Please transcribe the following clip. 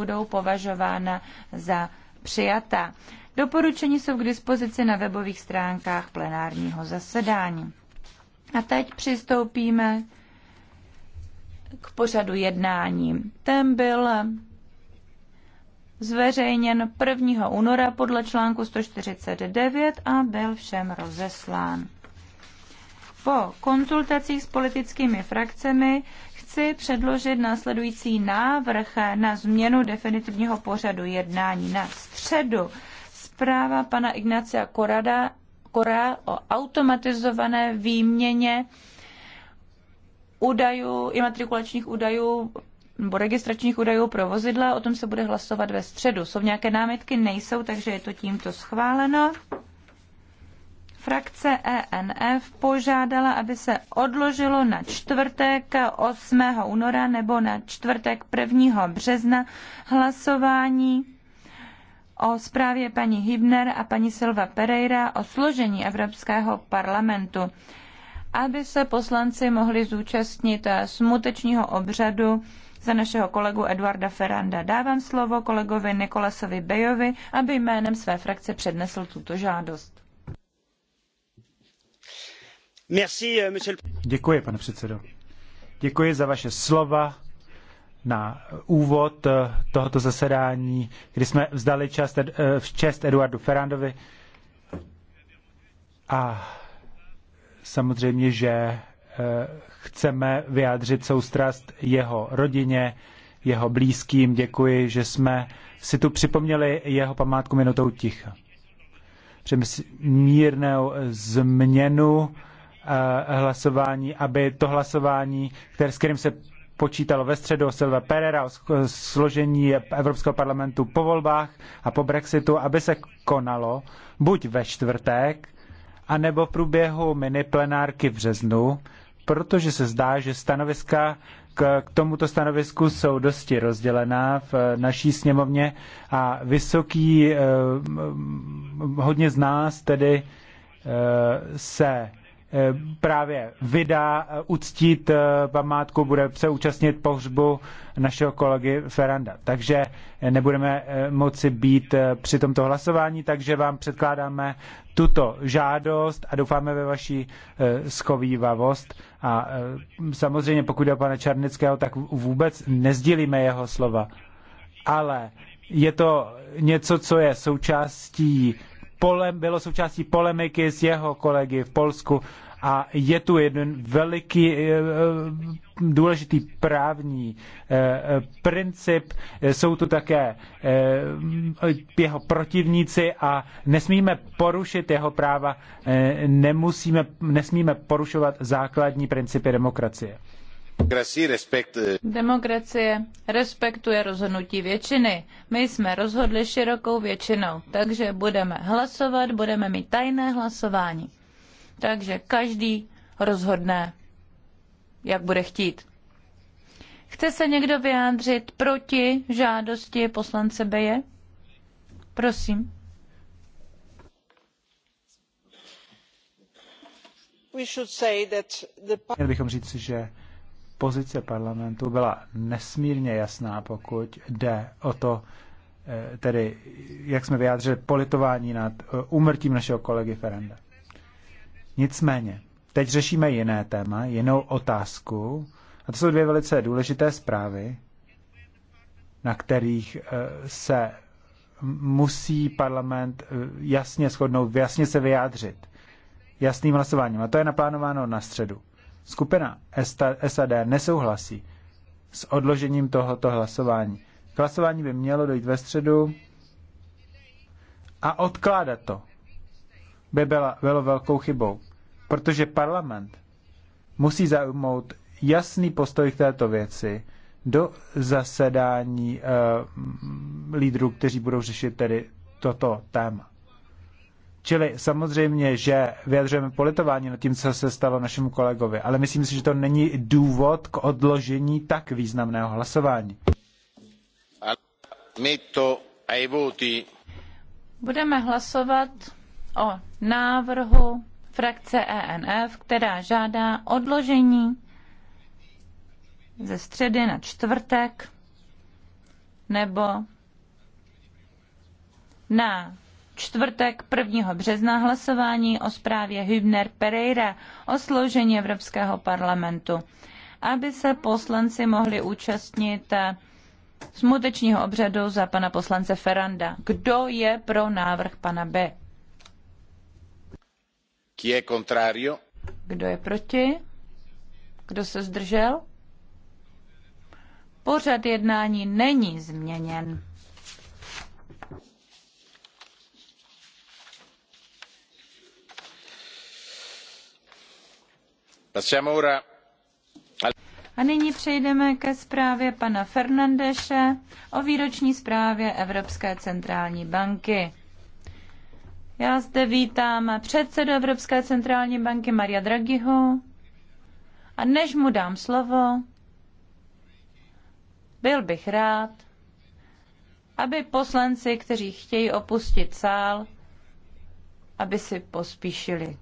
budou považována za přijata. Doporučení jsou k dispozici na webových stránkách plenárního zasedání. A teď přistoupíme k pořadu jednání. Ten byl zveřejněn 1. února podle článku 149 a byl všem rozeslán. Po konzultacích s politickými frakcemi chci předložit následující návrh na změnu definitivního pořadu jednání na středu. Zpráva pana Ignacia Korada, korá o automatizované výměně údajů, imatrikulačních údajů nebo registračních údajů pro vozidla. O tom se bude hlasovat ve středu. Jsou nějaké námitky? Nejsou, takže je to tímto schváleno. Frakce ENF požádala, aby se odložilo na čtvrtek 8. února nebo na čtvrtek 1. března hlasování o zprávě paní Hibner a paní Silva Pereira o složení Evropského parlamentu, aby se poslanci mohli zúčastnit smutečního obřadu za našeho kolegu Eduarda Ferranda. Dávám slovo kolegovi Nikolasovi Bejovi, aby jménem své frakce přednesl tuto žádost. Euh, Děkuji, pane předsedající Děkuji za vaše slova na úvod eh, tohoto zasedání, kdy jsme vzdali čest, eh, čest Eduardu Ferrandovi. A samozřejmě, že eh, chceme vyjádřit soustrast jeho rodině, jeho blízkým. Děkuji, že jsme si tu připomněli jeho památku minutou ticha. Přemysl mírnou změnu Eh, hlasování, aby to hlasování, které, s kterým se počítalo ve středu Silva Pereira o složení Evropského parlamentu po volbách a po Brexitu, aby se konalo buď ve čtvrtek, anebo v průběhu mini plenárky v březnu, protože se zdá, že stanoviska k, k tomuto stanovisku jsou dosti rozdělená v eh, naší sněmovně a vysoký, eh, hodně z nás tedy eh, se Eh, právě vydá eh, uctít eh, památku, bude se účastnit pohřbu našeho kolegy Feranda. Takže nebudeme moci být při tomto hlasování, takže vám předkládáme tuto žádost a doufáme ve vaší schovývavost. A samozřejmě pokud je o pana Čarnického, tak vůbec nezdílíme jeho slova. Ale je to něco, co je součástí polem, bylo součástí polemiky s jeho kolegy v Polsku a je tu jeden veliký eh, eh, důležitý právní eh, princip. Jsou tu také jeho protivníci a nesmíme porušit jeho práva, nemusíme, nesmíme porušovat základní principy demokracie. Demokracie respektuje rozhodnutí většiny. My jsme rozhodli širokou většinou, takže budeme hlasovat, budeme mít tajné hlasování. Takže každý rozhodne, jak bude chtít. Chce se někdo vyjádřit proti žádosti poslance Beje? Prosím. Měli bychom říci, že pozice parlamentu byla nesmírně jasná, pokud jde o to, eh, tedy, jak jsme vyjádřili, politování nad umrtím eh, našeho kolegy Ferenda. Nicméně, teď řešíme jiné téma, jinou otázku, a to jsou dvě velice důležité zprávy, na kterých eh, se musí parlament jasně shodnout, jasně se vyjádřit, jasným hlasováním. A to je naplánováno na středu. Skupina SAD nesouhlasí s odložením tohoto hlasování. K hlasování by mělo dojít ve středu a odkládat to by byla, bylo velkou chybou, protože parlament musí zaujmout jasný postoj k této věci do zasedání uh, lídrů, kteří budou řešit tedy toto téma. Čili samozřejmě, že vyjadřujeme politování nad tím, co se stalo našemu kolegovi, ale myslím si, že to není důvod k odložení tak významného hlasování. Budeme hlasovat o návrhu frakce ENF, která žádá odložení ze středy na čtvrtek nebo na čtvrtek 1. března hlasování o zprávě Hübner Pereira o složení Evropského parlamentu, aby se poslanci mohli účastnit smutečního obřadu za pana poslance Ferranda. Kdo je pro návrh pana B? Kdo je proti? Kdo se zdržel? Pořad jednání není změněn. A nyní přejdeme ke zprávě pana fernandese o výroční zprávě Evropské centrální banky. Já zde vítám předsedu Evropské centrální banky Maria Draghiho a než mu dám slovo, byl bych rád, aby poslanci, kteří chtějí opustit sál, aby si pospíšili.